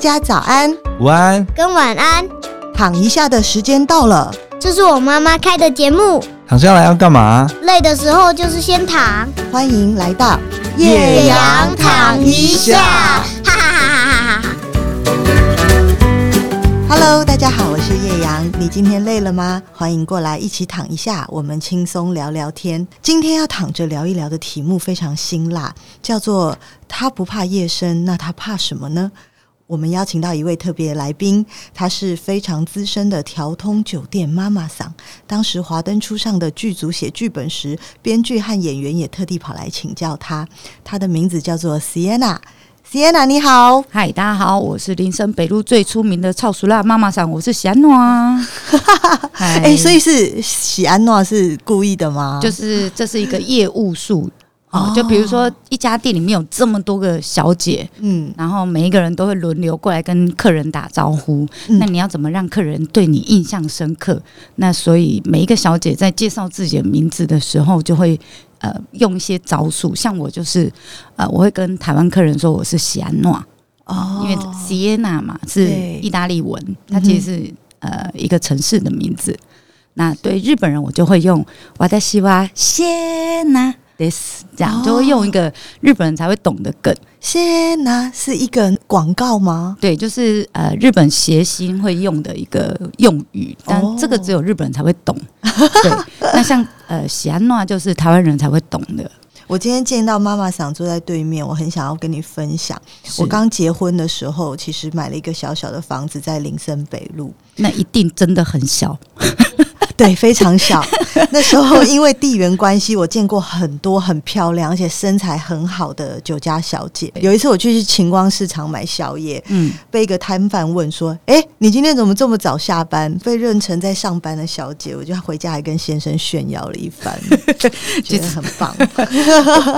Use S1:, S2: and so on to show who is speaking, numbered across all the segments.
S1: 大家早安，午安跟晚安，躺一下的時間到了。這是我媽媽開的節目。躺下來要幹嘛？累的時候就是先躺。歡迎來到葉陽躺一下，哈哈哈哈哈哈哈。Hello，大家好，我是葉陽。你今天累了嗎？歡迎過來一起躺一下，我們輕鬆聊聊天。今天要躺着聊一聊的題目非常辛辣，叫做他不怕夜深，那他怕什麼呢？我們邀請到一位特別來賓，她是非常資深的條通酒店媽媽桑。當時《華燈初上》的劇組寫劇本時，編劇和演員也特地跑來請教她。她的名字叫做 Siena。Siena 你好。嗨，大家好，我是林森北路最出名的超熟辣媽媽桑，我是席耶娜。
S2: 哎 Hi,、欸，所以是席耶娜是故意的嗎？就是這是一個業務術。 哦，就比如說一家店裡面有這麼多個小姐，嗯，然後每一個人都會輪流過來跟客人打招呼。嗯、那你要怎麼讓客人對你印象深刻？那所以每一個小姐在介紹自己的名字的時候，就會呃用一些招數。像我就是呃，我會跟台灣客人說我是席耶娜，哦，因為席耶娜嘛是意大利文，對它其實是呃一個城市的名字。嗯、哼那對日本人，我就會用私は席耶娜。t h s 這樣，就會用一個日本人才會懂的梗。
S1: 席耶娜？哦，是是一個廣告嗎？對，就是
S2: 呃日本諧星會用的一個用語，但這個只有日本人才會懂。哦，對， 那像呃席耶娜就是台灣人才會懂的。
S1: 我今天見到媽媽桑坐在對面，我很想要跟你分享。是我剛結婚的時候，其實買了一個小小的房子在林森北路，那一定真的很小。 對，非常小。 那時候因為地緣關係，我見過很多很漂亮而且身材很好的酒家小姐。有一次我去去晴光市場買宵夜，嗯，被一個攤販問說：“哎、欸，你今天怎麼這麼早下班？”被認成在上班的小姐，我就回家還跟先生炫耀了一番，覺得很棒。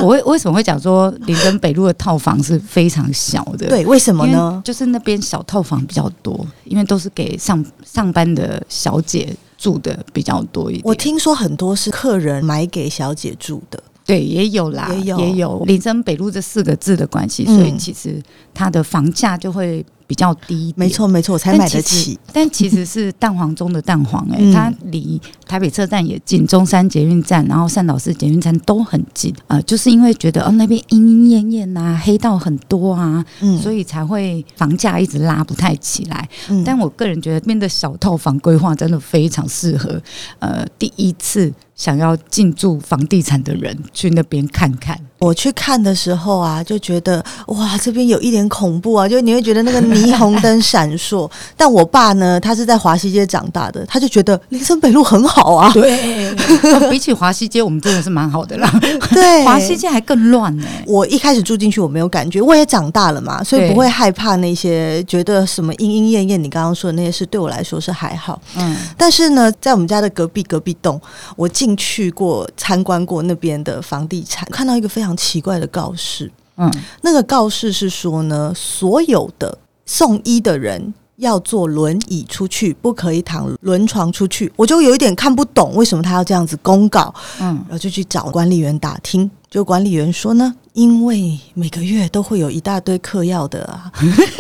S1: 我
S2: 為為什麼會講說林森北路的套房是非常小的？ 對，為什麼呢？就是那邊小套房比較多，因為都是給上上班
S1: 的小姐。住的比較多一點，我聽說很多是客人買給小姐住的，對，也有啦，也有，也有。林森北路這四個
S2: 字的關係，所以其實它的房價就會比較低沒錯，沒錯沒錯，才買得起但。但其實是蛋黃中的蛋黃，欸，哎、 嗯，它離台北車站也近，中山捷運站，然後善導寺捷運站都很近啊，呃。就是因為覺得哦那邊鶯鶯燕燕吶，黑道很多啊，嗯，所以才會房價一直拉不太起來。嗯，但我個人覺得，那邊的小套房規劃真的非常適合。呃，第一次，想要進駐房地產的人去
S1: 那邊看看。我去看的時候啊，就覺得哇，這邊有一點恐怖啊，就你會覺得那個霓虹燈閃爍。 但我爸呢，他是在華西街長大的，他就覺得林森北路很好啊。
S2: 對、 哦，比起華西街，我們真的是蠻好的
S1: 啦。 對，華西街還更亂呢、欸。我一開始住進去，我沒有感覺，我也長大了嘛，所以不會害怕那些對覺得什麼鶯鶯燕燕。你剛剛說的那些事，對我來說是還好。嗯，但是呢，在我們家的隔壁隔壁棟，我進。去過參觀過那邊的房地產，我看到一個非常奇怪的告示。嗯，那個告示是說呢，所有的送醫的人要坐輪椅出去，不可以躺輪床出去。我就有一點看不懂，為什麼他要這樣子公告？嗯，然後就去找管理員打聽，就管理員說呢。因為每個月都會有一大堆嗑藥的啊，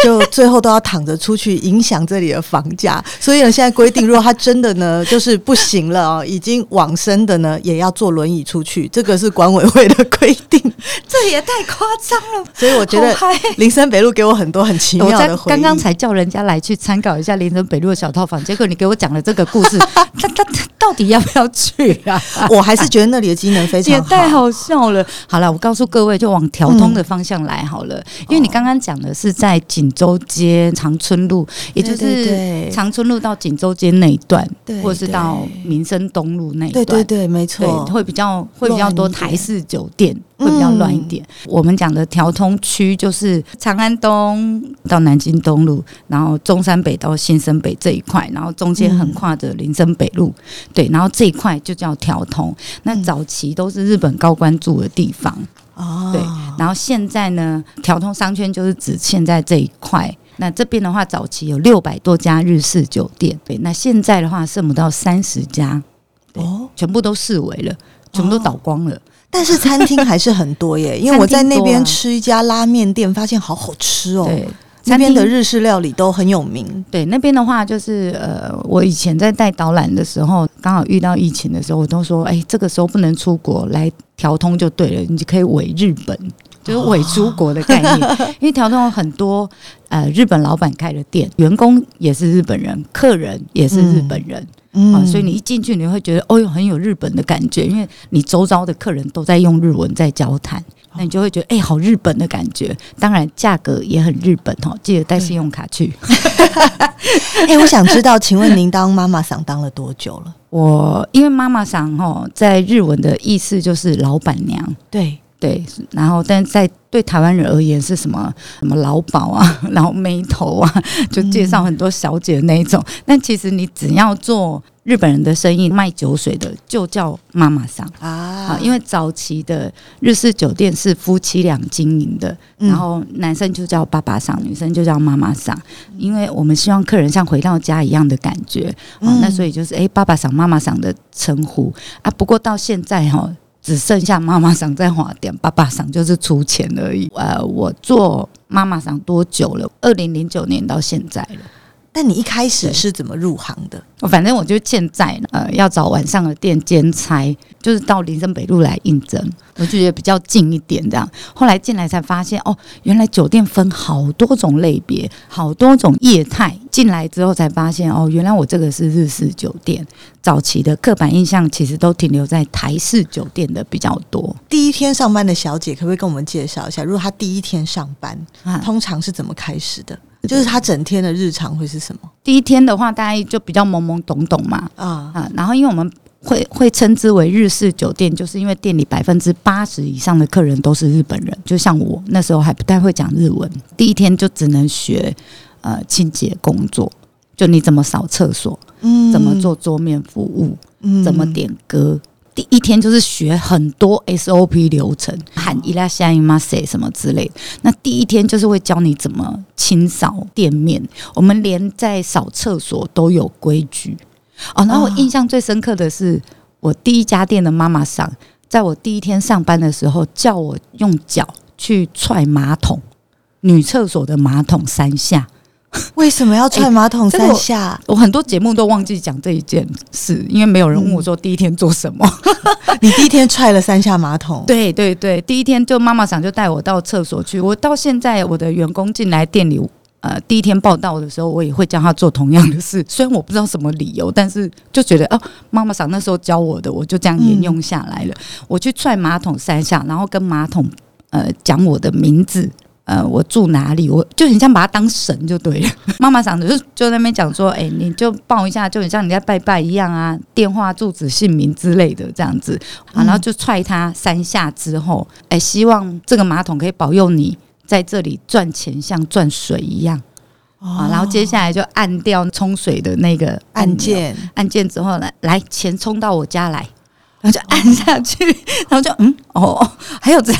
S1: 就最後都要躺着出去，影響這裡的房價，所以呢，現在規定，如果他真的呢就是不行了啊，已經往生的呢也要坐輪椅出去，這個是管委會的規定。這也太誇張了。所以我覺得林森北路給我很多很奇妙的回。我剛剛才
S2: 叫人家來去參考一下林森北路的小套房，結果你給我講了這個故事，他他。到底要不要去啊？ 我還是覺得那裡的機能非常好。也太好笑了。好了，我告訴各位，就往條通的方向來好了。嗯、因為你剛剛講的是在錦州街、嗯、長春路，對對對，也就是長春路到錦州街那一段，對對對，或者是到民生東路那一段，對，對對對，沒錯，會比較會比較多台式酒店。會比較亂一點。我們講的條通區就是長安東到南京東路，然後中山北到新生北這一塊，然後中間橫跨着林森北路，對，然後這一塊就叫條通。那早期都是日本高官住的地方，哦，對。然後現在呢，條通商圈就是指現在這一塊。那這邊的話，早期有六百多家日式酒店，對。那現在的話，剩不到三十家，對，全部都式微了，全部都倒光
S1: 了。 但是餐廳還是很多耶，因為我在那邊吃一家拉面店，啊、發現好好吃哦。對餐那邊的日式料理都很有名。對，那邊的話就是呃，我以
S2: 前在帶導覽的時候，剛好遇到疫情的時候，我都說，哎、欸，這個時候不能出國，來條通就對了，你可以偽日本，就是偽出國的概念，哦、 因為條通有很多呃日本老板開的店，員工也是日本人，客人也是日本人。嗯嗯、啊，所以你一進去，你會覺得哦喲，很有日本的感覺，因為你周遭的客人都在用日文在交談，那你就會覺得哎、欸，好日本的感覺。當然，價格也很日本哦，記得帶信用卡去。
S1: 哎、嗯 欸，我想知道，請問您當媽媽桑當了多久了？我因為媽媽桑哦，
S2: 在日文的意思就是老闆娘，對。對，然後，但在對台灣人而言，是什麼什麼老鴇啊，然後眉頭啊，就介紹很多小姐的那一種。嗯、但其實你只要做日本人的生意，賣酒水的，就叫媽媽桑啊。因為早期的日式酒店是夫妻倆經營的，嗯、然後男生就叫爸爸桑，女生就叫媽媽桑。嗯、因為我們希望客人像回到家一樣的感覺啊、嗯哦，那所以就是哎、欸，爸爸桑、媽媽桑的稱呼啊。不過到現在哈、哦。只剩下媽媽桑在花點，爸爸桑就是出錢而已。呃，我做媽媽桑多久了？二零零九年到現在了。但你一開始是怎麼入行的？我反正我就現在呃，要找晚上的店兼差，就是到林森北路來應徵，我就覺得比較近一點這樣。後來進來才發現，哦，原來酒店分好多種類別，好多種業態。進來之後才發現，哦，原來我這個是日式酒店。早期的刻板印象其實都停留在台式酒店的比較多。
S1: 第一天上班的小姐，可不可以跟我們介紹一下？如果她第一天上班，通常是怎麼開始的？啊？就是他整天的日常會是什麼？第一天的話，大家就比較懵
S2: 懵懂懂嘛。啊啊，然後因為我們會會稱之為日式酒店，就是因為店裡百分之八十以上的客人都是日本人。就像我那時候還不太會講日文，第一天就只能學呃清潔工作，就你怎麼掃廁所，嗯，怎麼做桌面服務，嗯，怎麼點歌。第一天就是學很多 SOP 流程，喊一拉 a s t i s a 什麼之類。那第一天就是會教你怎麼清掃店面，我們連在掃廁所都有規矩哦。然後我印象最深刻的是，哦、我第一家店的媽媽上，在我第一天上班的時候，叫我用腳去踹馬桶，女廁所的馬桶三下。
S1: 為什麼要踹馬桶三下？欸、我，我很多節目都忘記講這一
S2: 件事，因為沒有人問我說第一天做什麼。嗯、
S1: 你第一天踹了三下馬桶，
S2: 對對對，對，第一天就媽媽桑就帶我到廁所去。我到現在我的員工進來店裡，呃，第一天報到的時候，我也會教他做同樣的事。雖然我不知道什麼理由，但是就覺得哦、呃，媽媽桑那時候教我的，我就這樣沿用下來了。嗯、我去踹馬桶三下，然後跟馬桶呃講我的名字。呃，我住哪裡？我就很像把他當神就對了。媽媽桑就就在那邊講說，哎、欸，你就抱一下，就很像人家拜拜一樣啊。電話、住址、姓名之類的這樣子。好，然後就踹他三下之後，哎、欸，希望這個馬桶可以保佑你在這裡賺錢像賺水一樣。好，然後接下來就按掉沖水的那個按鍵按鍵鍵之後呢，來，來錢沖到我家來，然後就按下去，哦、然後就嗯哦，還有這樣。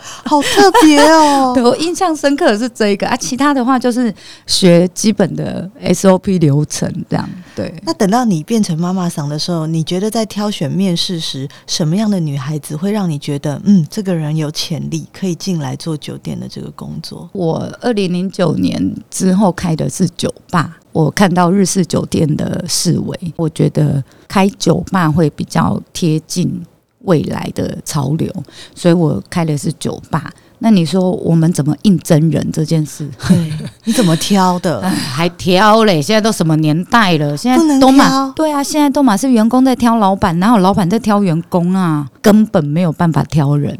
S2: 好特別哦！ 對，我印象深刻的是這個啊，其他的話就是學基本的 SOP 流程這樣。對，
S1: 那等到你變成媽媽桑的時候，你覺得在挑選面試時，什麼樣的女孩子會讓你覺得，嗯，這個人有潛力可以進來做酒店的這個工作？我
S2: 二零零九年之後開的是酒吧，我看到日式酒店的思維，我覺得開酒吧會比較貼近。未來的潮流，所以我開的是酒吧。那你說我們怎麼應徵人這件事？嗯，你怎麼挑的？還挑嘞？現在都什麼年代了？現在都嘛不能挑？對啊，現在都嘛是員工在挑老板，然後老板在挑員工啊，根本沒有辦法挑人。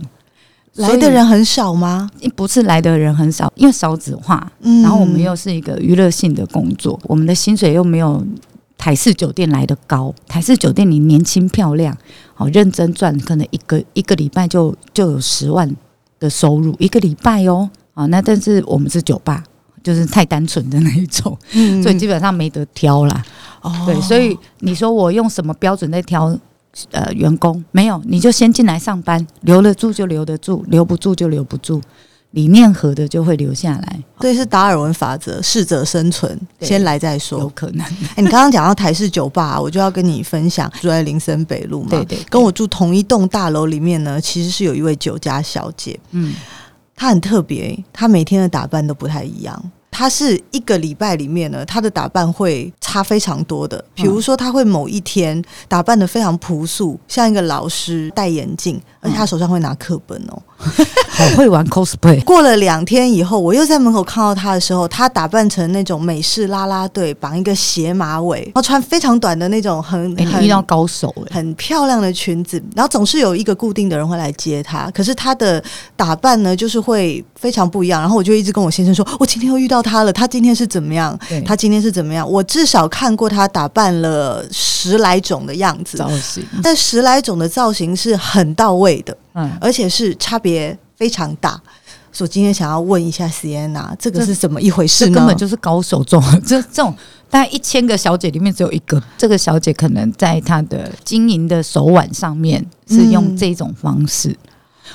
S2: 來的人很少嗎？不是來的人很少，因為少子化。嗯、然後我們又是一個娛樂性的工作，我們的薪水又沒有台式酒店來得高。台式酒店你年輕漂亮。認真賺，可能一個一個禮拜就就有十萬的收入，一個禮拜哦。啊，那但是我們是酒吧，就是太單純的那一種，嗯、所以基本上沒得挑啦。哦、對，所以你說我用什麼標準在挑呃，呃員工？沒有，你就先進來上班，留得住就留得住，留不住就留不住。理念合的就會留下來，
S1: 對，是達爾文法則，適者生存，對先來再說。有可能。哎、欸，你剛剛講到台式酒吧，我就要跟你分享， 住在林森北路嘛，對，對對，跟我住同一棟大樓裡面呢，其實是有一位酒家小姐，嗯，她很特別，她每天的打扮都不太一樣，她是一個禮拜裡面呢，她的打扮會差非常多的，比如說她會某一天打扮得非常樸素，像一個老師戴眼鏡，而且她手上會拿課本哦、喔。嗯。
S2: 好會玩 cosplay。
S1: 過了兩天以後，我又在門口看到他的時候，他打扮成那種美式啦啦隊，綁一個斜馬尾，然後穿非常短的那種很很、欸、遇到高手、欸、很漂亮的裙子，然後總是有一個固定的人會來接他。可是他的打扮呢，就是會非常不一樣。然後我就一直跟我先生說：“我今天又遇到他了，他今天是怎麼樣？對他今天是怎麼樣？我至少看過他打扮了十來種的樣子造型，但十來種的造型是很到位的。”嗯，而且是差別非常大，所以今天想要問一下席耶娜，這個是怎麼一回事呢？這這根本就
S2: 是高手中這、就是、
S1: 這種大概一千個小姐裡面只有一個，
S2: 這個小姐可能在她的經營的手腕上面是用這種方式，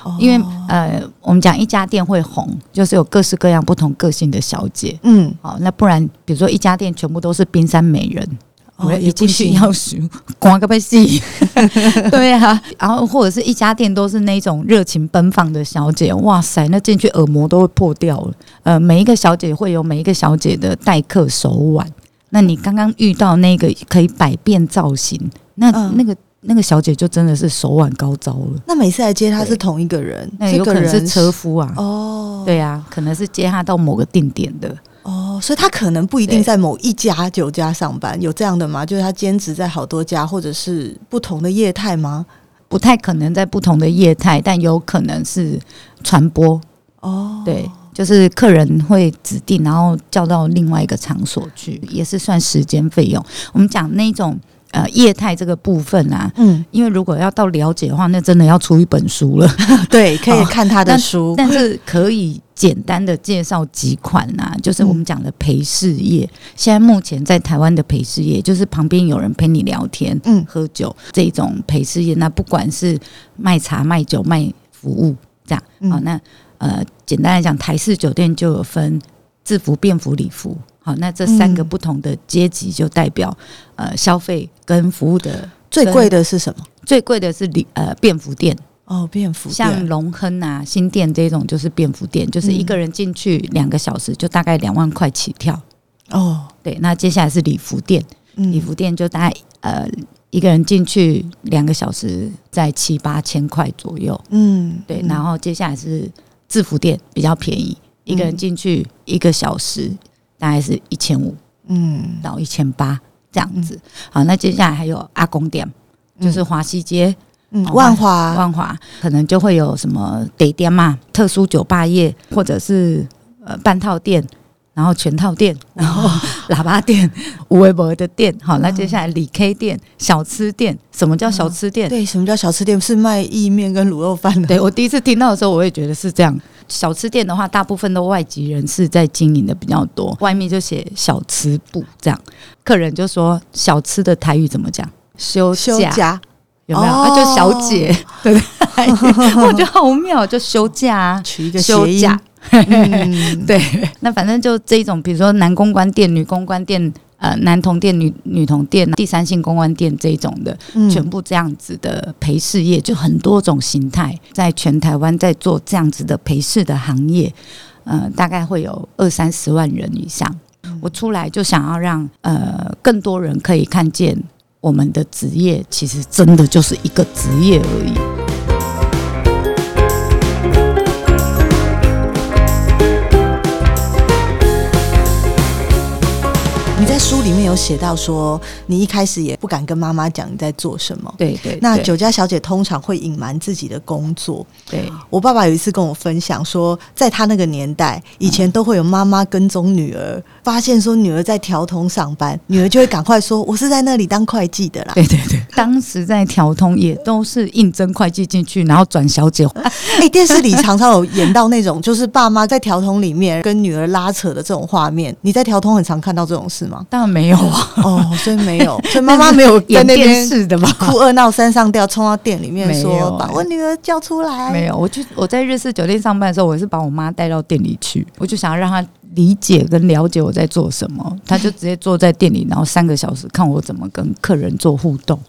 S2: 嗯、因為、哦、呃，我們講一家店會紅，就是有各式各樣不同個性的小姐，嗯，好、哦，那不然比如說一家店全部都是冰山美人。
S1: 我已進需要
S2: 數，瓜個貝西， 對啊，然後或者是一家店都是那種熱情奔放的小姐，哇塞，那進去耳膜都會破掉了。呃，每一個小姐會有每一個小姐的待客手腕，那你剛剛遇到那個可以百變造型，
S1: 那、嗯、那個
S2: 那個小姐就真的是手腕高招了。那每次來
S1: 接他是同一個人，那有可能是車夫啊。哦，對啊，可能是接他到某個定點的。哦，oh, 所以他可能不一定在某一家酒家上班，對有這樣的嗎？就是他兼職在好多家，或者是不同的業態嗎？不太可能在不同的業
S2: 態，但有可能是傳播哦。Oh. 對，就是客人會指定，然後叫到另外一個場所去，oh. 也是算時間費用。我們講那種。呃，業態這個部分啊，嗯，因為如果要到了解的話，那真的要出一本書了。 對，可以看他的書，哦、 但是可以簡單的介紹幾款啊，就是我們講的陪侍業。嗯、現在目前在台灣的陪侍業，就是旁邊有人陪你聊天、嗯，喝酒這種陪侍業。那不管是賣茶、賣酒、賣服務這樣，好、嗯哦，那呃，簡單來講，台式酒店就有分制服、便服、禮服。好、哦，那這三個不同的階級就代表、嗯、呃消費。跟服務的最貴的是什麼？最貴的是禮呃便服店哦，便服像龍亨啊、新店這種就是便服店，嗯、就是一個人進去兩個小時就大概兩萬塊起跳哦。對，那接下來是禮服店，禮、嗯、服店就大概呃一個人進去兩個小時在七八千塊左右。嗯，
S1: 對，然
S2: 後接下來是制服店比較便宜，嗯、一個人進去一個小時大概是一千五，嗯，到一千八。這樣子，嗯、好，那接下來還有阿公店，嗯、就是華西街，嗯
S1: ，Alright, 萬華華，萬
S2: 華可能就會有什麼的店嘛，特殊酒吧業，或者是呃半套店，然後全套店，哦、然後喇叭店，有的沒的店，好，那接下來理 K 店，小吃店，什麼叫小吃店？嗯、對，什麼叫小吃店？是賣意麵跟滷肉飯的對。對我第一次聽到的時候，我也覺得是這樣。小吃店的話，大部分都外籍人士在經營的比較多，外面就寫“小吃部”這樣，客人就說“小吃”的台語怎麼講？休假，休假有沒有、哦啊？就小姐，對不對，對？哦、呵呵 我覺得好妙，就休假取一個諧音，嗯， 對。那反正就這一種，比如說男公關店、女公關店。呃，男同店、女女同店、第三性公關店這一種的，嗯、全部這樣子的陪侍業，就很多種形態，在全台灣在做這樣子的陪侍的行業，呃，大概會有二三十萬人以上。嗯、我出來就想要讓呃更多人可以看見，我們的職業其實真的就是一個職業而已。
S1: 書裡面有寫到說，你一開始也不敢跟媽媽講你在做什麼。對，對對，那酒家小姐通常會隱瞞自己的工作。對我爸爸有一次跟我分享說，在他那個年代，以前都會有媽媽跟蹤女兒。嗯發現說女兒在條通上班，女兒就會趕快說：“我是在那裡當會計的啦。”對對對，當時在條通也都是應徵會計進去，然後轉小姐。哎，電視裡常常有演到那種，就是爸媽在條通裡面跟女兒拉扯的這種畫面。你在條通很常看到這種事嗎？當然沒有啊。哦，所以沒有，所以媽媽是是沒有演在那邊在電視的吧？一哭二鬧三上吊，沖到店裡面說：“有把我女兒叫出來。”沒有，
S2: 我就我在日式酒店上班的時候，我也是把我媽帶到店裡去，我就想要讓她。理解跟了解我在做什麼，他就直接坐在店裡，然後三個小時看我怎麼跟客人做互動。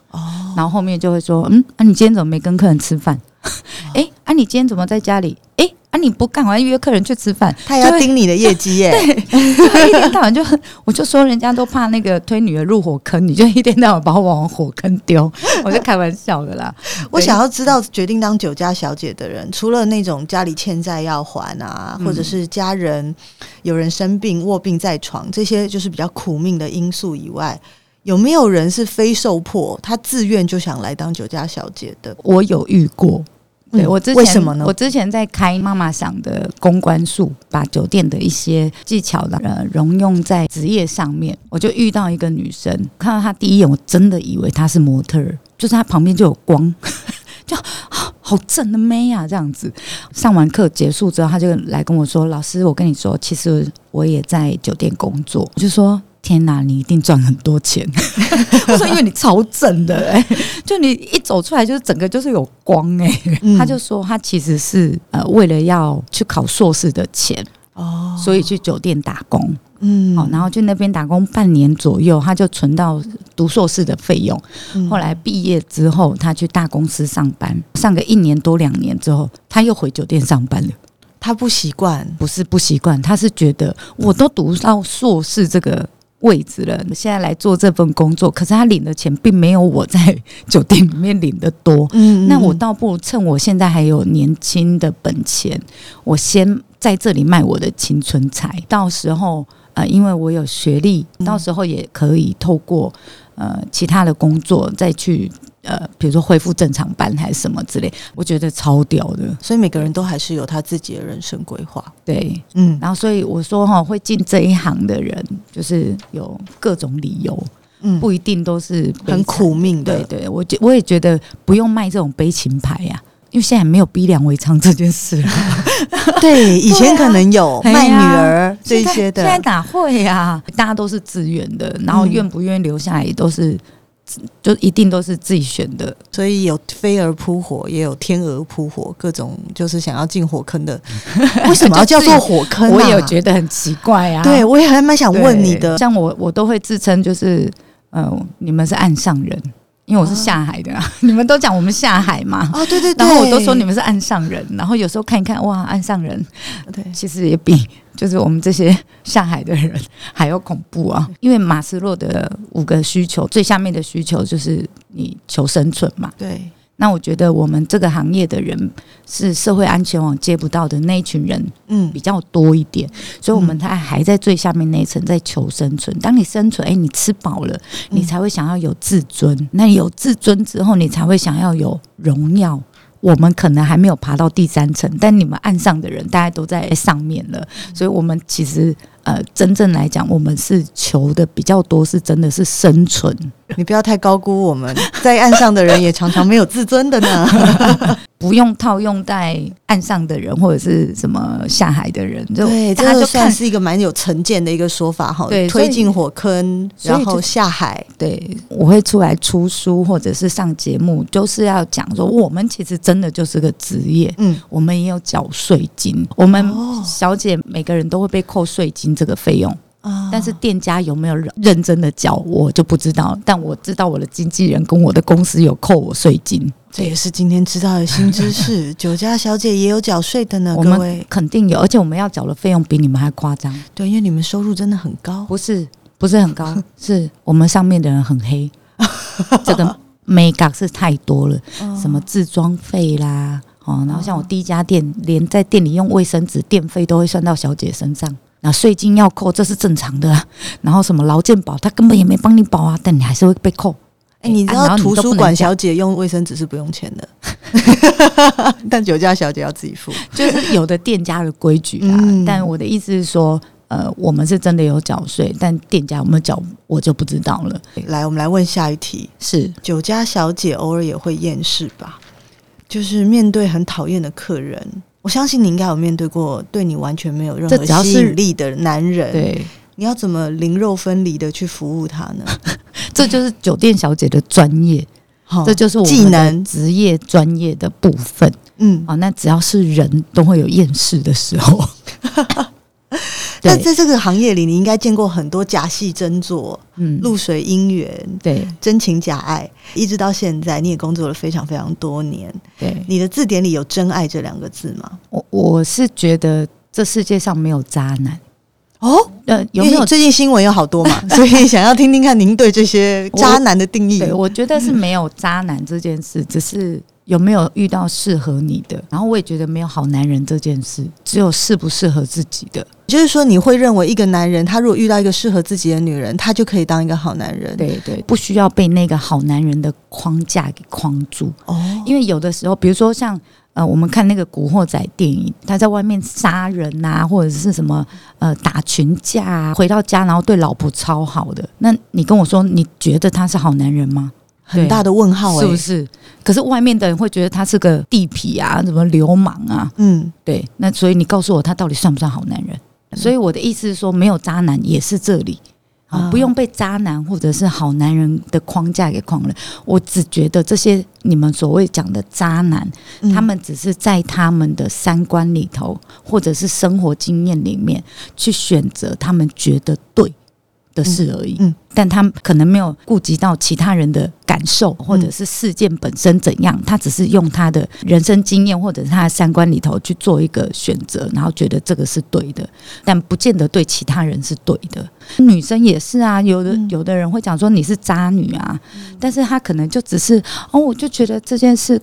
S2: 然後後面就會說，嗯，啊，你今天怎麼沒跟客人吃飯？哎哇、欸，啊，你今天怎麼在家裡？哎、欸。啊！你不幹，完約客人去吃飯，他也要盯你的業績耶、欸。對，一天到晚就， 我就說人家都怕那個推女兒入火坑，你就一天到晚把我往火坑丟，
S1: 我就開玩笑的啦。我想要知道，決定當酒家小姐的人，除了那種家裡欠債要還啊，嗯、或者是家人有人生病臥病在床，這些就是比較苦命的因素以外，有沒有人是非受迫，他自願就想來當酒家小姐的？我有遇過。嗯對，我之前。為什麼呢？我之前在開媽媽桑的
S2: 公關術，把酒店的一些技巧呢，呃，融用在職業上面。我就遇到一個女生，看到她第一眼，我真的以為她是模特兒，就是她旁邊就有光， 就、啊、好正的妹啊，這樣子。上完課結束之後，她就來跟我說：“老師，我跟你說，其實我也在酒店工作。”我就說。天哪、啊，你一定賺很多錢！ 我說，因為你超正的、欸，哎，就你一走出來，就是整個就是有光哎、欸。嗯、他就說，他其實是呃為了要去考碩士的錢哦，所以去酒店打工，嗯、哦，然後去那邊打工半年左右，他就存到讀碩士的費用。嗯、後來畢業之後，他去大公司上班，上個一年多兩年之後，他又回酒店上班了。他不習慣，不是不習慣，他是覺得我都讀到碩士這個。位置了，現在來做這份工作，可是他領的錢並沒有我在酒店裡面領的多。嗯嗯嗯。那我倒不如趁我現在還有年輕的本錢，我先在這裡賣我的青春財，到時候呃，因為我有學歷，到時候也可以透過呃其他的工作再去。呃，比如說恢復正常班還是什麼之類，我覺得超屌的。
S1: 所以每個人都還是有他自己的人生規劃。對，嗯，然後所以我說哈，
S2: 會進這一行的人就是有各種理由，嗯，不一定都是的很苦命的。對,對,對，對我我也覺得不用賣這種悲情牌呀、啊，啊、因為現在沒有逼良為娼這件事了、啊。 對，以前可能有、啊、賣女兒這些的現，現在哪會呀、啊？大家都是自願的，然後願不願意留下來也都是。
S1: 就一定都是自己選的，所以有飛蛾撲火，也有天鵝撲火，各種就是想要進火坑的。 為什麼要叫做火坑、啊？ 我也有覺得很奇怪啊。對，我也還蠻想問你的。像
S2: 我，我都會自稱就是，嗯、呃，你們是岸上人，因為我是下海的、啊。啊、 你們都講我們下海嘛？啊、哦，對對對。然後我都說你們是岸上人，然後有時候看一看，哇，岸上人，對，其實也比。就是我們這些下海的人，還要恐怖啊！因為馬斯洛的五個需求，最下面的需求就是你求生存嘛。對。那我覺得我們這個行業的人，是社會安全網接不到的那一群人，嗯，比較多一點。所以我們他還在最下面那一層，在求生存。嗯、當你生存，哎，你吃飽了，你才會想要有自尊。嗯、那你有自尊之後，你才會想要有榮耀。我們可能還沒有爬到第三層，但你們岸上的人大家都在上面了，所以我們其實。呃，真正來講，我們是求的比較多，是真的是生存。
S1: 你不要太高估我們在岸上的人，也常常沒有自尊的呢。 不用套用在岸上的人或
S2: 者是什麼下海的人，就對，他就算這看是
S1: 一個蠻有成見的一個說法哈。對，推進火坑，以然後下海。對，我
S2: 會出來出書或者是上節目，就是要講說我們其實真的就是個職業。嗯，我們也有繳稅金，我們小姐每個人都會被扣稅金。這個費用啊，但是店家有沒有認真的繳，我就不知道。但我知道我的經紀人跟我的公司有扣我稅金，
S1: 這也是今天知道的新知識。 酒家小姐也有繳稅的呢，各位，我們
S2: 肯定有，而且我們要繳的費用比你們還誇張。
S1: 對，因為你們收入真的很高，不是
S2: 不是很高， 是我們上面的人很黑， 這個美甲是太多了，什麼製裝費啦，哦，哦，然後像我第一家店，連在店裡用衛生紙電費都會算到小姐身上。那稅金要扣，這是正常的。然後什麼勞健保，他根本也沒幫你保啊，嗯、但你還是會被扣。
S1: 哎、欸，你知道圖書館小姐用衛生紙是不用錢的， 但酒家小姐要自己付，就是有的店家的規矩啦、啊，嗯、但我的意思是說，呃，
S2: 我們是真的有繳稅，但店家有沒有繳，我就不知道了。
S1: 來，我們來問下一題：是酒家小姐偶爾也會厭世吧？就是面對很討厭的客人。我相信你應該有面對過對你完全沒有任何吸引力的男人，對，你要怎麼靈肉分離的去服務他呢呵呵？
S2: 這就是酒店小姐的專業，哦、這就是我技能職業專業的部分。嗯，啊，那只要是人都會有厭世的時候。
S1: 那在這個行業裡，你應該見過很多假戲真做，嗯，露水姻緣，對，真情假愛，一直到現在，你也工作了非常非常多年，對，你的字典裡有真愛這兩個字嗎？
S2: 我我是覺得這世界上沒有渣男哦，呃，有沒有，因為最近新聞有好多嘛？
S1: 所以想要聽聽看您對這些渣男的
S2: 定義。我，對，我覺得是沒有渣男這件事，只是有沒有遇到適合你的。然後我也覺得沒有好男人這件事，只有適不適合自己的。
S1: 就是說，你會認為一個男人，他如果遇到一個適合自己的女人，他就可以當一個好男人，對對，對對，不需要被那
S2: 個好男人的框架給框住。哦，因為有的時候，比如說像呃，我們看那個古惑仔電影，他在外面殺人啊，或者是什麼呃打群架啊，回到家然後對老婆超好的，那你跟我說，你覺得他是好男人嗎？
S1: 啊、很大的問號，欸，是不是？
S2: 可是外面的人會覺得他是個地痞啊，什麼流氓啊，嗯，對。那所以你告訴我，他到底算不算好男人？所以我的意思是說，沒有渣男也是這裡啊，不用被渣男或者是好男人的框架給框了。我只覺得這些你們所謂講的渣男，他們只是在他們的三觀裡頭，或者是生活經驗裡面去選擇他們覺得對。的事而已，嗯嗯、但他可能沒有顧及到其他人的感受，或者是事件本身怎樣，嗯、他只是用他的人生經驗或者是他的三觀裡頭去做一個選擇，然後覺得這個是對的，但不見得對其他人是對的。女生也是啊，有的、嗯、有的人會講說你是渣女啊，嗯、但是他可能就只是哦，我就覺得這件事。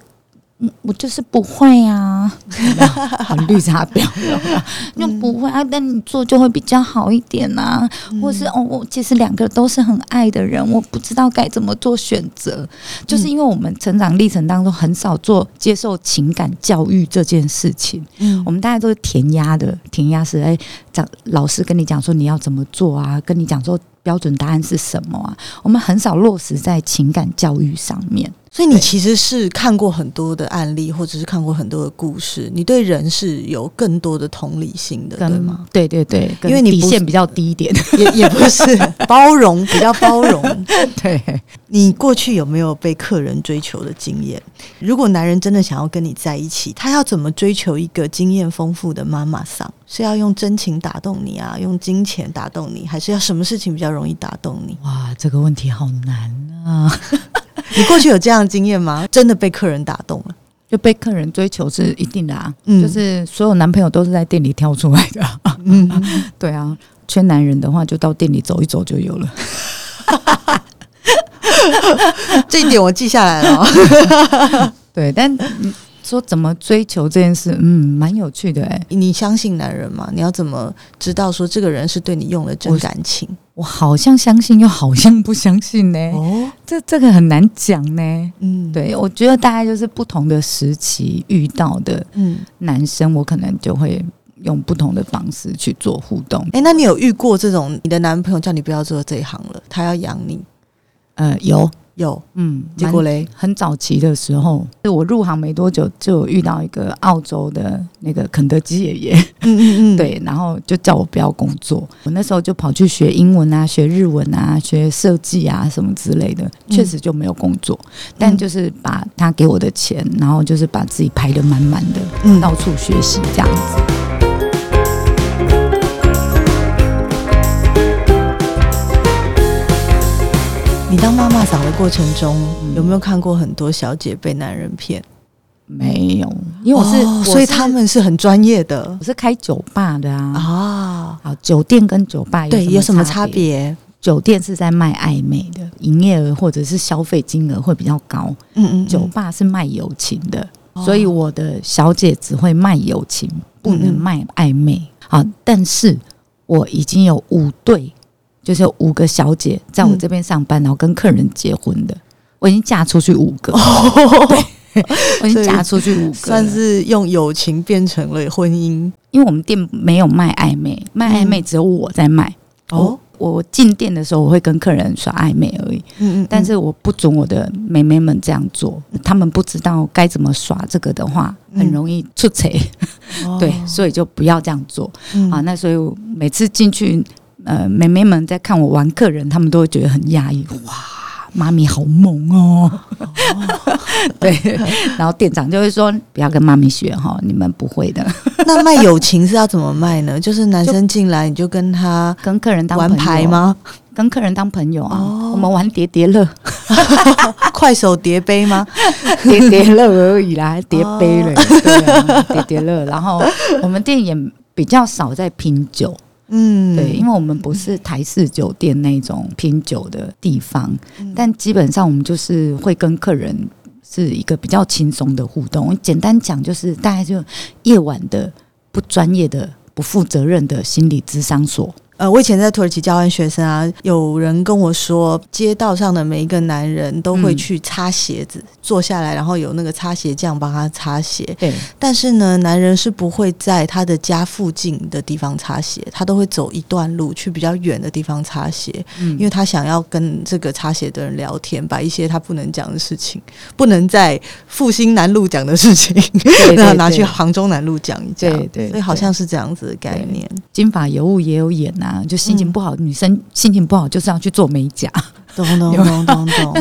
S2: 嗯，我就是不會啊，有有好綠茶婊又 不會啊，但你做就會比較好一點啊。或是哦，我其實兩個都是很愛的人，我不知道該怎麼做選擇。就是因為我們成長歷程當中很少做接受情感教育這件事情。嗯，我們大家都是填鴨的，填鴨式哎、欸，老師跟你講說你要怎麼做啊，跟你講說標準答案是什麼啊，我們很少落實在情感教育上面。
S1: 所以你其實是看過很多的案例，對或者是看過很多的故事，你對人是有更多的同理心的，跟對嗎？
S2: 對對對，因為你底線比
S1: 較低一點，也也不是 包容，比較包容。 對，你過去有沒有被客人追求的經驗？如果男人真的想要跟你在一起，他要怎麼追求一個經驗豐富的媽媽桑？是要用真情打動你啊，用金錢打動你，還是要什麼事情比較容易打動你？哇，
S2: 這個問題好難
S1: 啊！ 你過去有這樣的經驗嗎？真的被客人打動了，就被客人追求是一定的啊。嗯，就是
S2: 所有男朋友都是在店裡挑出來的。
S1: 嗯，對啊，
S2: 缺男人的話就到店裡走一走就有
S1: 了。這一點我記下來了哦。
S2: 對，但說怎麼追
S1: 求這件事，嗯，蠻有趣的欸。你相信男人嗎？你要怎麼知道說這個人是對你用了真感情？
S2: 我好像相信，又好像不相信呢、欸。哦，這這個很難講呢、欸。嗯，對，我覺得大概就是不同的時期遇到的男生，嗯、我可能就會用不同的方式去做互動。誒、
S1: 欸，那你有遇過這種你的男朋友叫你不要做這一行了，他要養你？
S2: 呃，有。
S1: 有，嗯，結果嘞，
S2: 很早期的時候，
S1: 我入行沒多久就遇到一個
S2: 澳洲的那個肯德基爺爺，嗯嗯嗯，嗯對，然後就叫我不要工作，我那時候就跑去學英文啊，學日文啊，學設計啊什麼之類的，確實就沒有工作，嗯、但就是把他給我的錢，然後就是把自己排得滿滿的，嗯、到處學習這樣子。你
S1: 當媽媽。找的過程中有沒有看過很多小姐被男人騙？沒有、嗯，因為我是，哦、我是，所以他
S2: 們是很專業的。我是開酒吧的啊，啊、哦，酒店跟酒吧對有什麼差別？差，酒店是在賣曖昧的，營業額或者是消費金額會比較高。嗯，嗯嗯，酒吧是賣友情的，嗯嗯，所以我的小姐只會賣友情，不能賣曖昧。啊、嗯嗯，但是我已經有五對就是五個小姐在我這邊上班，然後跟客人結婚的，我已經嫁出去五個，對，我已經嫁出去五個，算是用友情變成了婚姻。因為我們店沒有賣曖昧，賣曖昧只有我在賣哦。我進店的時候，我會跟客人耍曖昧而已，嗯嗯，但是我不准我的妹妹們這樣做，他們不知道該怎麼耍這個的話，很容易出醜，對，所以就不要這樣做啊。那所以我每次進去。呃，妹妹們在看我玩客人，他們都會覺得很壓抑。哇，媽咪好猛哦！ 對，然後店長就會說：“不要跟媽咪學哈，你們不會的。 ”
S1: 那賣友情是要怎麼賣呢？就是男生進來，就你就跟他、跟客人當玩牌嗎？跟客人當朋友啊？哦、我們玩疊疊樂，
S2: 快手疊杯嗎？
S1: 疊疊樂
S2: 而已啦，疊杯、哦、對疊疊樂。喋喋 然後我們店也比較少在拼酒。嗯，對，因為我們不是台式酒店那種拼酒的地方，嗯、但基本上我們就是會跟客人是一個比較輕鬆的互動。簡單講，就是大概就夜晚的不專業的、不負責任的心理諮商所。
S1: 呃，我以前在土耳其教完學生啊，有人跟我說，街道上的每一個男人都會去擦鞋子，嗯、坐下來，然後有那個擦鞋匠幫他擦鞋。對、欸。但是呢，男人是不會在他的家附近的地方擦鞋，他都會走一段路去比較遠的地方擦鞋，嗯，因為他想要跟這個擦鞋的人聊天，把一些他不能講的事情，不能在復興南路講的事情，那、欸、 拿去杭州南路講一講。對、欸、對，對對，所以好像是這樣子的概念。金髮尤物也有演啊。
S2: 啊，就心情不好，嗯、女生心情不好就是要去做美甲，
S1: 咚咚咚咚
S2: 咚，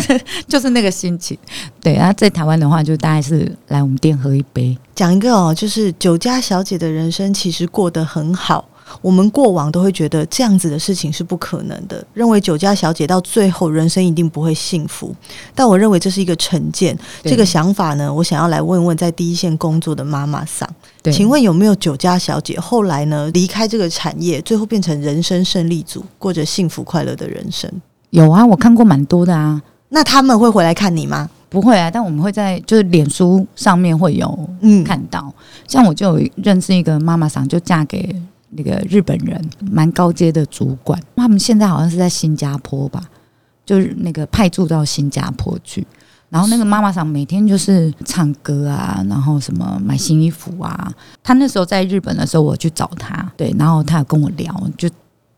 S1: 就是那個心情。對，啊，在台灣的話，就大概是來我們店喝一杯，講一個哦，就是酒家小姐的人生其實過得很好。我們過往都會覺得這樣子的事情是不可能的，認為酒家小姐到最後人生一定不會幸福。但我認為這是一個成見，對這個想法呢，我想要來問問在第一線工作的媽媽桑，對請問有沒有酒家小姐後來呢，離開這個產業，最後變成人生勝利組，過着幸福快樂的人生？
S2: 有啊，我看過蠻多的啊。
S1: 那他們會回來看你嗎？不會啊，但我們會在就是臉書上面會有嗯，看到。
S2: 嗯、像我就認識一個媽媽桑，就嫁給。那個日本人蠻高階的主管，他們現在好像是在新加坡吧，就是那個派駐到新加坡去。然後那個媽媽桑每天就是唱歌啊，然後什麼買新衣服啊。他那時候在日本的時候，我去找他，對，然後他有跟我聊，就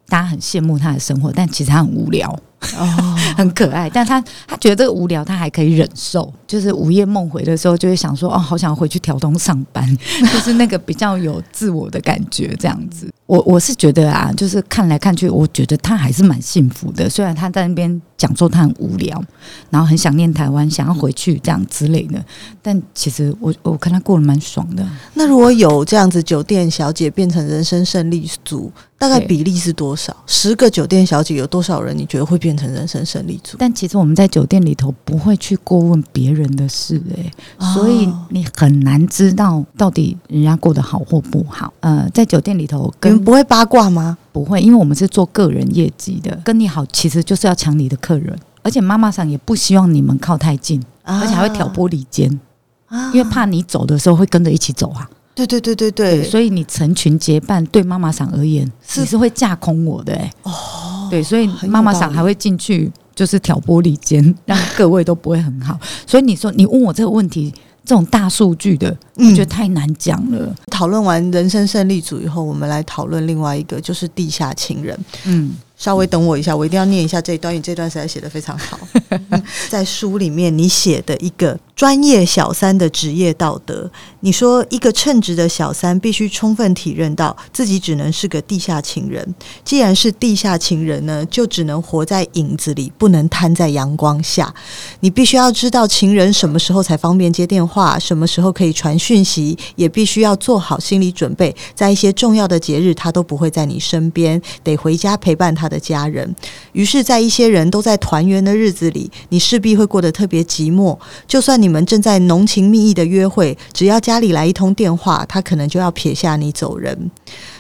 S2: 大家很羨慕他的生活，但其實他很無聊。哦， 很可愛，但他他覺得無聊，他還可以忍受。就是午夜夢回的時候，就會想說，哦，好想回去條通上班， 就是那個比較有自我的感覺這樣子。我我是覺得啊，就是看來看去，我覺得他還是蠻幸福的，雖然他在那邊。講說他很無聊，然後很想念台灣，想要回去這樣之類的。但其實我我看他過得蠻爽的。
S1: 那如果有這樣子，酒店小姐變成人生勝利組，大概比例是多少？十對個酒店小姐有多少人，你覺得會變成人生勝利組？但其實我們在酒
S2: 店裡頭不會去過問別人的事，欸，誒。所以你很難知道到底人家過得好或不好。呃，在酒店裡頭，你們不會八卦嗎？不會，因為我們是做個人業績的，跟你好其實就是要搶你的客人，而且媽媽桑也不希望你們靠太近，啊、而且還會挑撥離間，啊、因為怕你走的時候會跟着一起走啊。對對對對對，對，對，所以你成群結伴對媽媽桑而言，是你是會架空我的哎，欸。哦，對，所以媽媽桑還會進去就是挑撥離間，讓各位都不會很好。 所以你說你問我這個問題，這種大數據的，嗯、我覺得太難講了。
S1: 討論、嗯、完人生勝利組以後，我們來討論另外一個，就是地下情人。嗯，稍微等我一下，我一定要念一下這一段，你這段實在寫得非常好、 嗯，在書裡面你寫的一個。專業小三的職業道德，你說一個稱職的小三必須充分體認到自己只能是個地下情人。既然是地下情人呢，就只能活在影子裡，不能攤在陽光下。你必須要知道情人什麼時候才方便接電話，什麼時候可以傳訊息，也必須要做好心理準備。在一些重要的節日，他都不會在你身邊，得回家陪伴他的家人。於是，在一些人都在團圓的日子裡，你勢必會過得特別寂寞。就算你。你們正在濃情蜜意的約會，只要家裡來一通電話，他可能就要撇下你走人。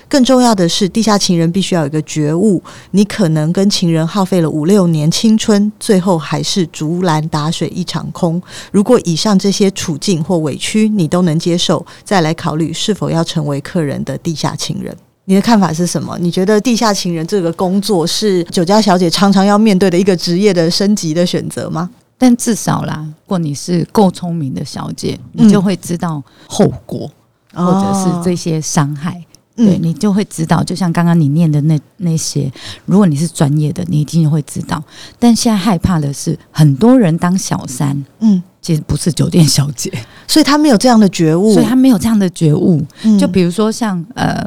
S1: 更重要的是，地下情人必須要有一個覺悟，你可能跟情人耗費了五六年青春，最後還是竹籃打水一場空。如果以上這些處境或委屈你都能接受，再來考慮是否要成為客人的地下情人。你的看法是什麼？你覺得地下情人這個工作是酒家小姐常常要面對的一個職業的升級的選擇嗎？但至少啦，如果你是夠聰
S2: 明的小姐，嗯、
S1: 你就會知道後果，
S2: 或者是這些傷害。哦、對，嗯、你就會知道。就像剛剛你念的那那些，如果你是專業的，你一定會知道。但現在害怕的是，很多人當小三，嗯，其實不是酒店小姐，
S1: 所以他沒有這樣
S2: 的覺悟，所以他沒有這樣的覺悟。嗯、就比如說像呃，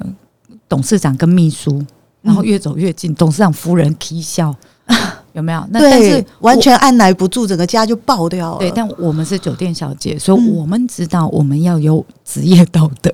S2: 董事長跟秘書，然後越走越近，嗯、董事長夫人啼笑。 有沒有？那對但是完全按
S1: 捺不住，整個家
S2: 就爆掉了。對，但我們是酒店小姐，所以我們知道我們要有職業道
S1: 德。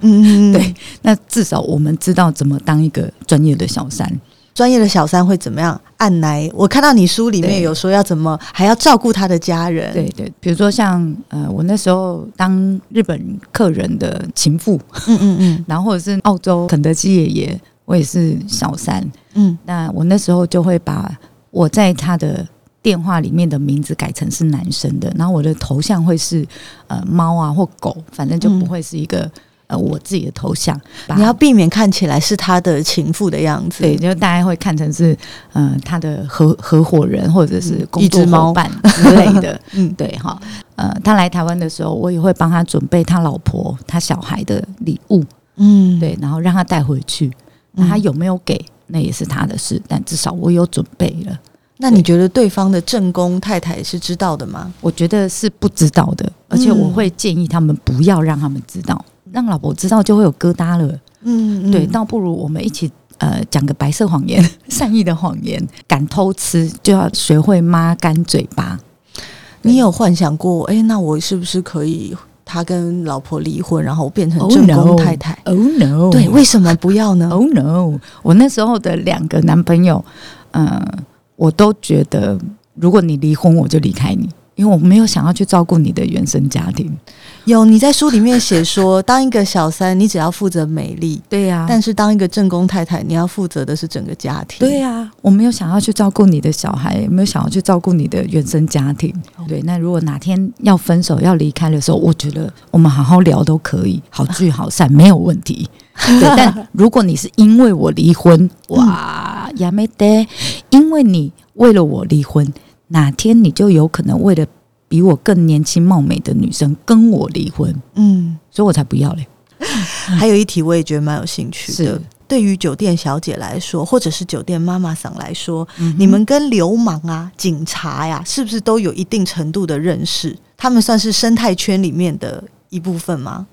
S1: 嗯，對。那至
S2: 少我們知道怎麼當一個專業的小三。
S1: 專、嗯、業的小三會怎麼樣？按捺。我看到你書裡面有說要怎麼，還要照顧他的家人。對對，比如說像呃，我那時候當日本客人的
S2: 情婦。嗯嗯嗯。然後或者是澳洲肯德基爺爺，我也是小三。嗯。那我那時候就會把。我在他的電話裡面的名字改成是男生的，然後我的頭像會是呃貓啊或狗，反正就不會是一個、嗯、呃我自己的頭像。你要避免看起來是他的情婦的樣子，對，就大家會看成是呃他的合合夥人或者是工作夥伴之類的。嗯， 嗯對哈，呃，他來台灣的時候，我也會幫他準備他老婆他小孩的禮物。嗯，對，然後讓他帶回去。那、嗯、他有沒有給？那也是他的事，但至少我有準備了。那你覺得對方的正宮太太是知道的嗎？我覺得是不知道的，而且我會建議他們不要讓他們知道，嗯、讓老婆知道就會有疙瘩了。嗯，嗯，對，倒不如我們一起呃講個白色謊言，善意的謊言。敢偷吃就要學會抹乾嘴巴。
S1: 你有幻想過？誒、欸？那我是不是可以？他跟老婆離婚，然後變成正宮太太。Oh no！Oh no 對，為什麼不要呢？Oh no！我那時候的兩
S2: 個男朋友，嗯、呃，我都覺得，如果你離婚，我就離開你。因為我沒有想要去照顧你的原生家庭。
S1: 有你在書裡面寫說， 當一個小三，你只要負責美麗，對呀，啊。但是當一個正宮太太，你要負責的是整個家庭，對呀，啊。我沒有想要去照顧你的小
S2: 孩，也沒有想要去照顧你的原生家庭。對，那如果哪天要分手，要離開的時候，我覺得我們好好聊都可以，好聚好散 沒有問題。 對，但如果你是因為我離婚，哇，亞美蝶，因為你為了我離婚。哪天你就有可能為了比我更年輕貌美的女生跟我離婚？嗯，所以我才不要嘞。嗯、
S1: 還有一題，我也覺得蠻有興趣的。是對於酒店小姐來說，或者是酒店媽媽桑來說，嗯、哼你們跟流氓啊、警察呀、啊，是不是都有一定程度的認識？他們算是生態圈裡面的一部分嗎？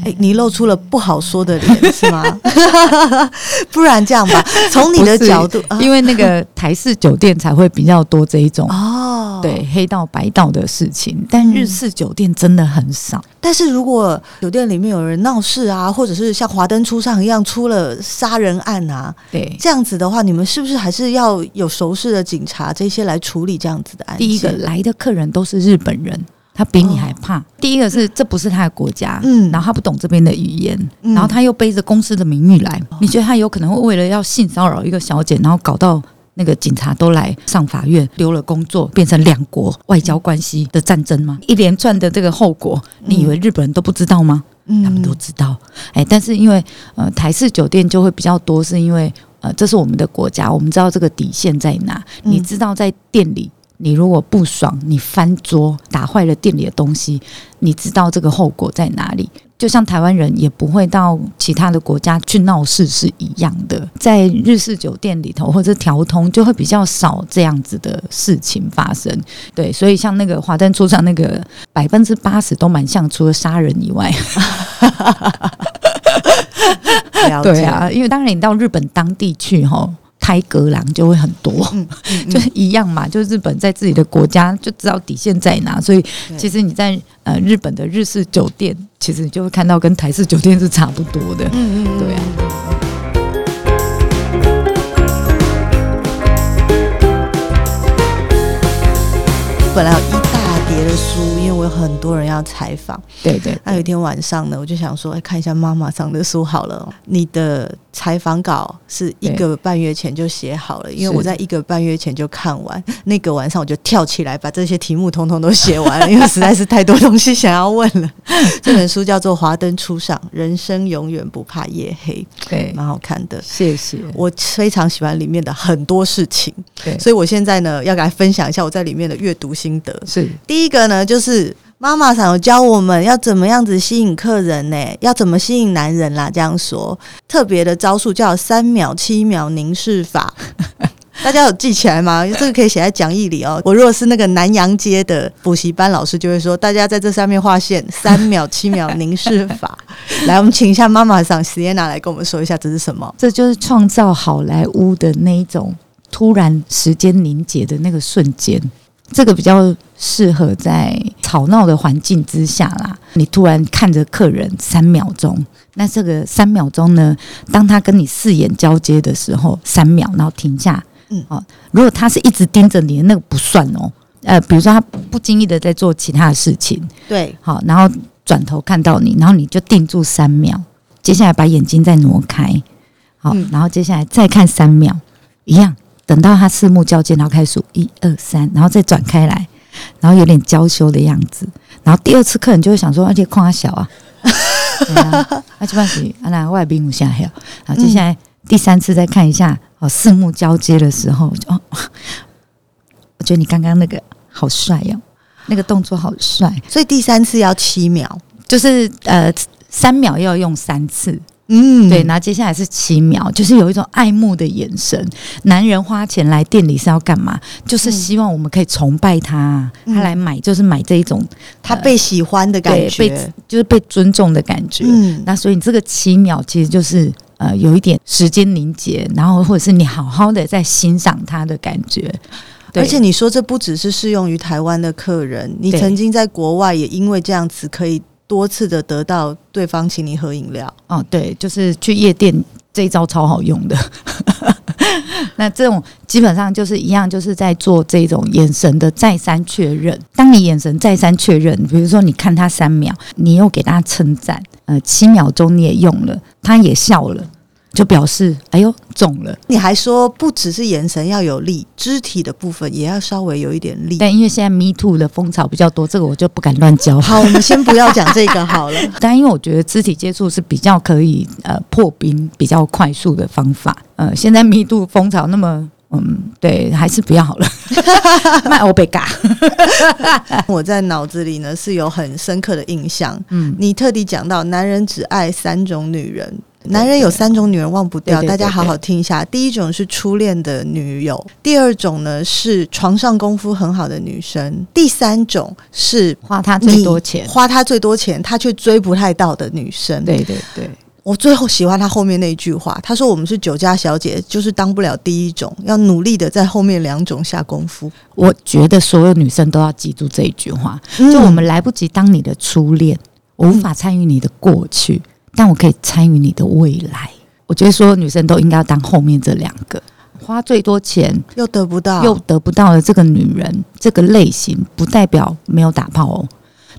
S1: 哎、欸，你露出了不好說的臉是嗎？ 不然這樣吧，從你的角度，是啊、因為那個
S2: 台式酒店才會比較多這一種哦。對，黑道白道的事情，但日式酒店真的很少。嗯、
S1: 但是如果酒店裡面有人鬧事啊，或者是像華燈初上一樣出了殺人案啊，對，這樣子的話，你們是不是還是要有熟識的警察這些來處理這樣子的案子？第一個來的客人都是日本人。
S2: 他比你還怕。哦、
S1: 第一個是，這不是他
S2: 的國家，嗯，然後他不懂這邊的語言，嗯嗯然後他又背着公司的名譽來，你覺得他有可能會為了要性騷擾一個小姐，然後搞到那個警察都來上法院，丟了工作，變成兩國外交關係的戰爭嗎？嗯嗯一連串的這個後果，你以為日本人都不知道嗎？嗯,
S1: 嗯，他們都知
S2: 道。哎、欸，但是因為呃台式酒店就會比較多，是因為呃這是我們的國家，我們知道這個底線在哪，嗯嗯你知道在店裡。你如果不爽，你翻桌打壞了店裡的東西，你知道這個後果在哪裡？就像台灣人也不會到其他的國家去鬧事是一樣的，在日式酒店裡頭或者條通就會比較少這樣子的事情發生。對，所以像那個華燈初上那個百分之八十都蠻像，除了殺人以外， 了解。對啊，因為當然你到日本當地去哈。開閣樓就會很多，嗯，嗯嗯， 就是一樣嘛。就日本在自己的國家就知道底線在哪，所以其實你在對呃日本的日式酒店，其實你就會看到跟台式酒店是差不多的。嗯嗯，嗯對啊。嗯，來。
S1: 書，因為我有很多人要採訪，對對，對。那、啊、有一天晚上呢，我就想說，哎看一下媽媽上的書好了、哦。你的採訪稿是一個半月前就寫好了，對因為我在一個半月前就看完。是那個晚上我就跳起來，把這些題目通通都寫完了， 因為實在是太多東西想要問了。 這本書叫做《華燈初上》，人生永遠不怕夜黑，對，蠻好看的。謝謝，我非常喜歡裡面的很多事情，對，所以我現在呢要給他分享一下我在裡面的閱讀心得。是，第一個呢就是媽媽桑有教我們要怎麼樣子吸引客人呢、欸？要怎麼吸引男人啦？這樣說，特別的招數叫三秒、七秒凝視法。 大家有記起來嗎？這個可以寫在講義裡哦、喔。我如果是那個南陽街的補習班老師，就會說大家在這上面畫線，三秒、七秒凝視法。 來，我們請一下媽媽桑，席耶娜來跟我們說一下這是什麼？這就是
S2: 創造好萊塢的那一種突然時間凝結的那個瞬間。這個比較適合在吵鬧的環境之下啦。你突然看着客人三秒鐘，那這個三秒鐘呢，當他跟你四眼交接的時候，三秒，然後停下。嗯，好、哦。如果他是一直盯着你，那個不算哦。呃，比如說他不經意的在做其他的事情，對。好、哦，然後轉頭看到你，然後你就定住三秒，接下來把眼睛再挪開，好、哦，嗯、然後接下來再看三秒，一樣。等到他四目交接，然後開始數一二三，然後再轉開來，然後有點嬌羞的樣子。然後第二次客人就會想說，而且框啊小啊，那，七八九，啊外賓無下好，接下來、嗯、第三次再看一下。哦，四目交接的時候，我覺得，哦，我覺得你剛
S1: 剛那個好帥呀，哦，那個動作好帥。所以第三次要七秒，就
S2: 是呃，三秒要用三次，嗯，對。那接下來是七秒，就是有一種愛慕的眼神。男人花錢來店裡是要幹嘛？就是希望我們可以崇拜他，嗯，他來買就是買這一種，呃，他被喜歡的感覺，被就是被尊重的感覺。嗯，那所以你這個七秒其實就是。呃，有一點時間凝結，然後或者是你好好的在欣賞他的感覺。而且你
S1: 說這不只是適用於台灣的客人，你曾經在國外也因為這樣子可以多次的得到對方請你喝飲料
S2: 啊。哦，對，就是去夜店，這一招超好用的。 那這種基本上就是一樣，就是在做這種眼神的再三確認。當你眼神再三確認，比如說你看他三秒，你又給他稱讚。呃，七秒鐘你也用了，他也笑了，就表示哎呦中了。
S1: 你還說不只是眼神要有力，肢體的部分也要稍微有一點力。
S2: 但因為現在 Me Too 的風潮比較多，這個我就不敢亂教。好，我們先不要講這個好了。 但因為我覺得肢體接觸是比較可以呃破冰、比較快速的方法。呃，現在 Me Too 風潮那麼。嗯，對，還是不要好了。賣歐
S1: 貝嘎， 我在腦子裡呢，是有很深刻的印象。嗯，你特地講到男人只愛三種女人，男人有三種女人忘不掉，對對大家好好聽一下。對對對，第一種是初戀的女友，第二種呢是床上功夫很好的女生，第三種是花他最多錢、對對對花他最多錢他卻追不太到的女生。對對對。我最後喜歡他後面那一句話，他說：“我們是酒家小姐，就是當不了第一種，要努力的在後面兩種下功夫。”
S2: 我覺得所有女生都要記住這一句話，嗯、就我們來不及當你的初戀，我無法參與你的過去，嗯、但我可以參與你的未來。我覺得所有女生都應該要當後面這兩個，花最多錢
S1: 又得不到又
S2: 得不到的這個女人，這個類型不代表沒有打炮哦，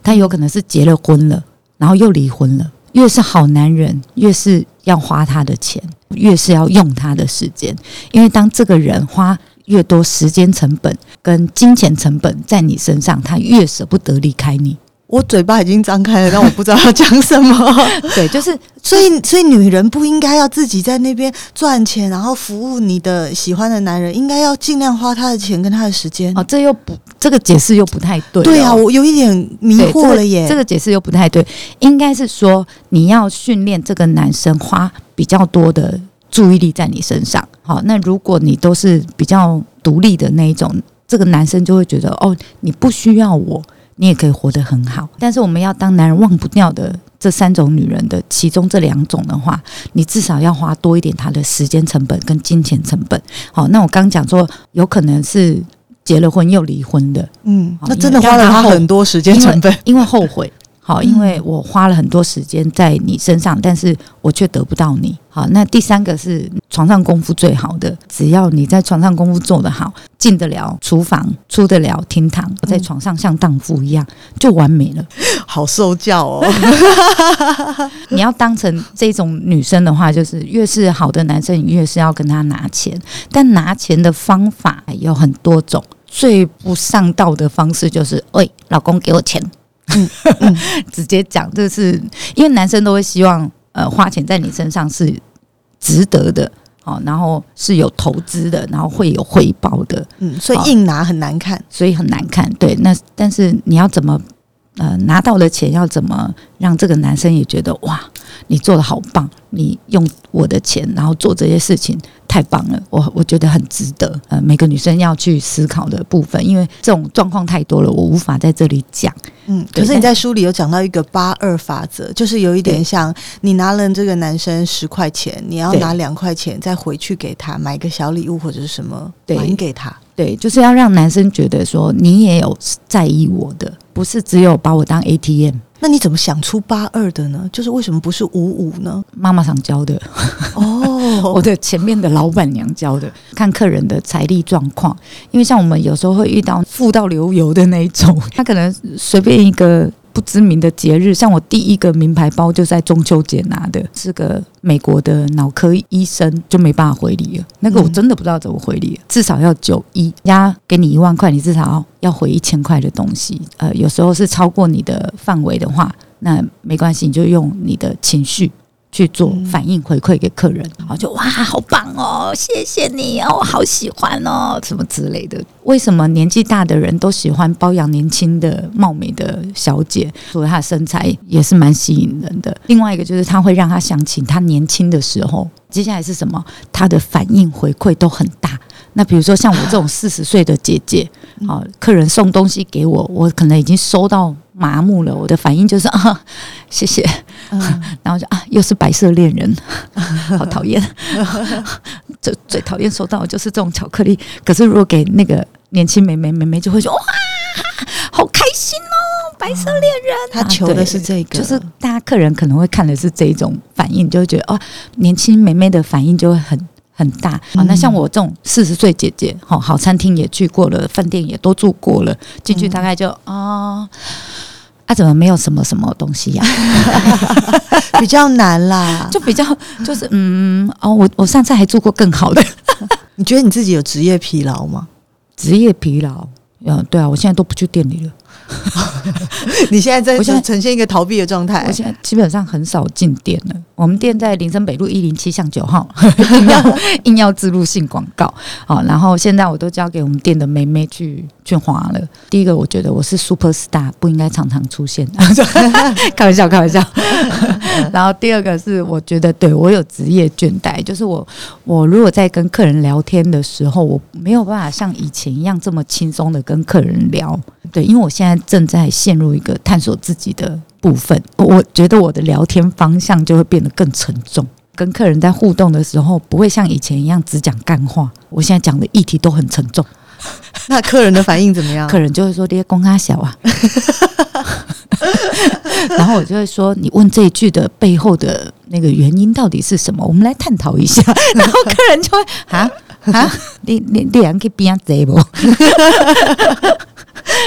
S2: 但有可能是結了婚了，然後又離婚了。越是好男人，越是要花他的錢，越是要用他的時間，因為當這個人花越多時間成本跟金錢成本在你身上，他越捨不得離開你。
S1: 我嘴巴已經張開了，但我不知道要講什麼。 對，就是所以，所以女人不應該要自己在那邊賺錢，然後服務你的喜歡的男人，應該要盡量花他的錢跟他的時間。哦，這又不，
S2: 這個解釋又不太對。哦，對啊，我
S1: 有一點迷惑了耶。這個，這
S2: 個解釋又不太對，應該是說你要訓練這個男生花比較多的注意力在你身上。好，哦，那如果你都是比較獨立的那一種，這個男生就會覺得哦，你不需要我。你也可以活得很好，但是我們要當男人忘不掉的這三種女人的其中這兩種的話，你至少要花多一點他的時間成本跟金錢成本。好、哦，那我剛講說有可能是結了婚又離婚的，
S1: 嗯，那真的花了他很多時間成
S2: 本，因為後悔。 好，因為我花了很多時間在你身上，但是我卻得不到你。好，那第三個是床上功夫最好的，只要你在床上功夫做得好，進得了廚房，出得了廳堂，在床上像蕩婦一樣，就完美了。
S1: 好受教哦。
S2: 你要當成這種女生的話，就是越是好的男生，你越是要跟他拿錢，但拿錢的方法有很多種，最不上道的方式就是，喂，老公給我錢。 嗯嗯、直接講，這、就是因為男生都會希望，呃，花錢在你身上是值得的，好、哦，然後是有投資的，然後會有回報的，嗯，所以硬拿很難看，哦、所以很難看，對，那但是你要怎麼？呃，拿到的錢要怎麼讓這個男生也覺得哇，你做得好棒！你用我的錢，然後做這些事情，太棒了。我我覺得很值得。呃，每個女生要去思考的部分，因為這種狀況太多了，我無法在這裡講。
S1: 嗯，對可是你在書裡有講到一個八二法則，就是有一點像對你拿了這個男生十塊錢，你要拿兩塊錢再回去給他對買個小禮物或者是什麼還對給他。
S2: 對，就是要讓男生覺得說你也有在意我的，不是只有把我當 ATM。
S1: 那你怎麼想出八二的呢？就是為什麼不是五五呢？
S2: 媽媽桑教的
S1: 哦，oh. 我的
S2: 前面的老闆娘教的， 看客人的財力狀況，因為像我們有時候會遇到富到流油的那一種， 他可能隨便一個不知名的節日，像我第一個名牌包就在中秋節拿的，是個美國的腦科醫生，就沒辦法回禮了。那個我真的不知道怎麼回禮。嗯，至少要九一，人家給你一萬塊，你至少要回一千塊的東西。呃，有時候是超過你的範圍的話，那沒關係，你就用你的情緒。去做反應回饋給客人，嗯、然後就哇，好棒哦，謝謝你哦，我好喜歡哦，什麼之類的。為什麼年紀大的人都喜歡包養年輕的貌美的小姐？所以她的身材也是蠻吸引人的，另外一個就是她會讓她想起她年輕的時候。接下來是什麼？她的反應回饋都很大。那比如說像我這種四十歲的姐姐，嗯、啊，客人送東西給我，我可能已經收到麻木了，我的反應就是啊，謝謝。嗯、然後就啊，又是白色戀人，好討厭！最 最討厭收到的就是這種巧克力。可是如果給那個年輕妹妹，妹妹，就會說哇，好開心哦，白色戀人。哦、他求的是這個、啊，就是大家客人可能會看的是這種反應，就會覺得哦，年輕妹妹的反應就會很很大、哦。那像我這種四十歲姐姐，好、哦、好餐廳也去過了，飯店也都住過了，進去大概就啊。嗯哦他、啊、怎麼沒有什麼什麼東西呀，啊？
S1: 比較難啦， 就比較
S2: 就是
S1: 嗯哦，我我上次還做過更好的。 你覺得你自己有職業疲勞嗎？職業疲勞，嗯，
S2: 對啊，我現在都不去店裡了。
S1: 你現在在，我現在呈現一個逃避的狀態啊。我現
S2: 在基本上很少進店了。我們店在林森北路一零七巷九號， 硬要 硬要植入性廣告。好，然後現在我都交給我們店的妹妹去勸花了。第一個，我覺得我是 super star，不應該常常出現， 開玩笑，開玩笑。 然後第二個是，我覺得對我有職業倦怠，就是我我如果在跟客人聊天的時候，我沒有辦法像以前一樣這麼輕鬆的跟客人聊。對，因為我現在正在陷入一個探索自己的部分，我覺得我的聊天方向就會變得更沉重。跟客人在互動的時候，不會像以前一樣只講幹話，我現在講的議題都很沉重。
S1: 那客人的反應怎麼樣？客人
S2: 就會說：“爹公三小啊。” 然後我
S1: 就會說：“你
S2: 問這一句的背後的那個原因到底是什麼？我們來探討一下。” 然後客人就會：“啊啊， 你你你兩個邊仔不？”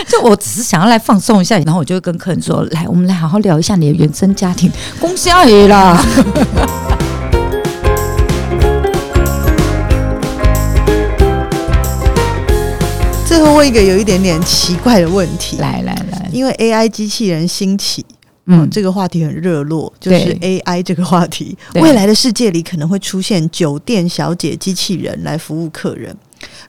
S2: 就我只是想要來放鬆一下，然後我就會跟客人說：“來，我們來好好聊一下你的原生家
S1: 庭。”公蝦毀啦。最後問一個有一點點奇怪的問題：來來，來來因為 AI 機器人興起，嗯，嗯，這個話題很熱絡，就是 AI 這個話題，對未來的世界裡可能會出現酒店小姐機器人來服務客人。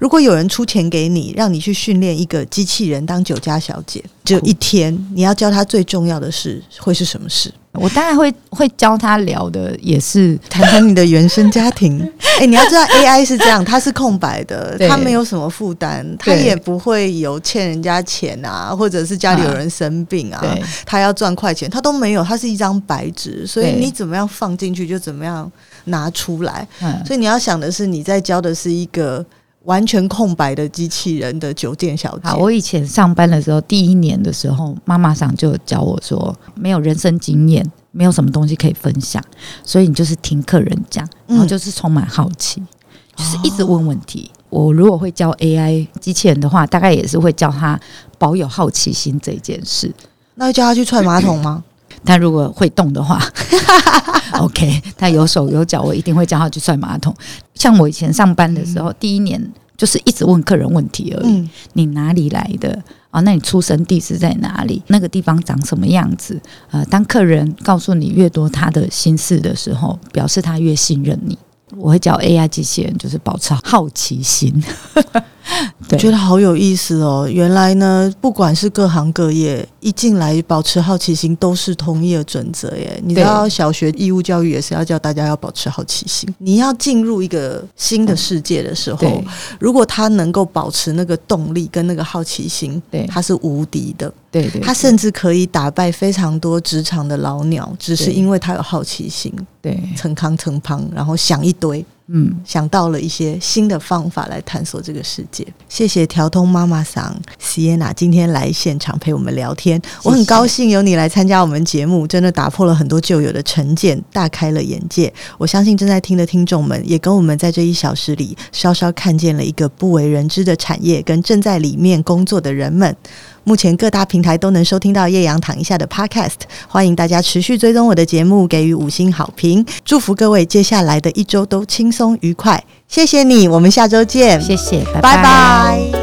S1: 如果有人出錢給你，讓你去訓練一個機器人當酒家小姐，就一天，你要教他最重要的事會是什麼事？我當然會會教他聊的也是談談你的原生家庭。誒、 欸，你要知道 AI 是這樣，它是空白的， 它沒有什麼負擔，它也不會有欠人家錢啊，或者是家裡有人生病啊，他、啊、要賺快錢，他都沒有，它是一張白紙，所以你怎麼樣放進去就怎麼樣拿出來。啊、所以你要想的是，你在教的是一個。完全空白的機器人的酒店小姐。好，我以
S2: 前上班的時候，第一年的時候，媽媽桑就教我說，沒有人生經驗，沒有什麼東西可以分享，所以你就是聽客人講，然後就是充滿好奇，嗯、就是一直問問題。哦、我如果會教 AI 機器人的話，大概也是會教他保有好奇心這件事。
S1: 那要叫他去踹馬桶
S2: 嗎？嗯嗯他如果會動的話 ，OK，哈哈哈，他有手有腳，我一定會叫他去刷馬桶。像我以前上班的時候，嗯、第一年就是一直問客人問題而已。嗯、你哪裡來的？啊、哦，那你出生地是在哪裡？那個地方長什麼樣子？呃，當客人告訴你越多他的心事的時候，表示他越信任你。我會教 AI 機
S1: 器人就是保持好奇心。 對我覺得好有意思哦！原來呢，不管是各行各業，一進來保持好奇心都是同一個準則耶。對你知道小學義務教育也是要教大家要保持好奇心。你要進入一個新的世界的時候，哦、如果他能夠保持那個動力跟那個好奇心，對，他是無敵的。對，對，對，他甚至可以打敗非常多職場的老鳥，只是因為他有好奇心。對，成康成旁，然後想一堆。嗯，想到了一些新的方法來探索這個世界。謝謝條通媽媽桑，席耶娜今天來現場陪我們聊天，謝謝。我很高興有你來參加我們節目，真的打破了很多舊有的成見，大開了眼界。我相信正在聽的聽眾們也跟我們在這一小時裡稍稍看見了一個不為人知的產業，跟正在裡面工作的人們。目前各大平台都能收聽到葉揚躺一下的 Podcast，歡迎大家持續追蹤我的節目，給予五星好評。祝福各位接下來的一周都輕鬆愉快，謝謝你，我們下周見，謝謝，拜拜 bye。Bye bye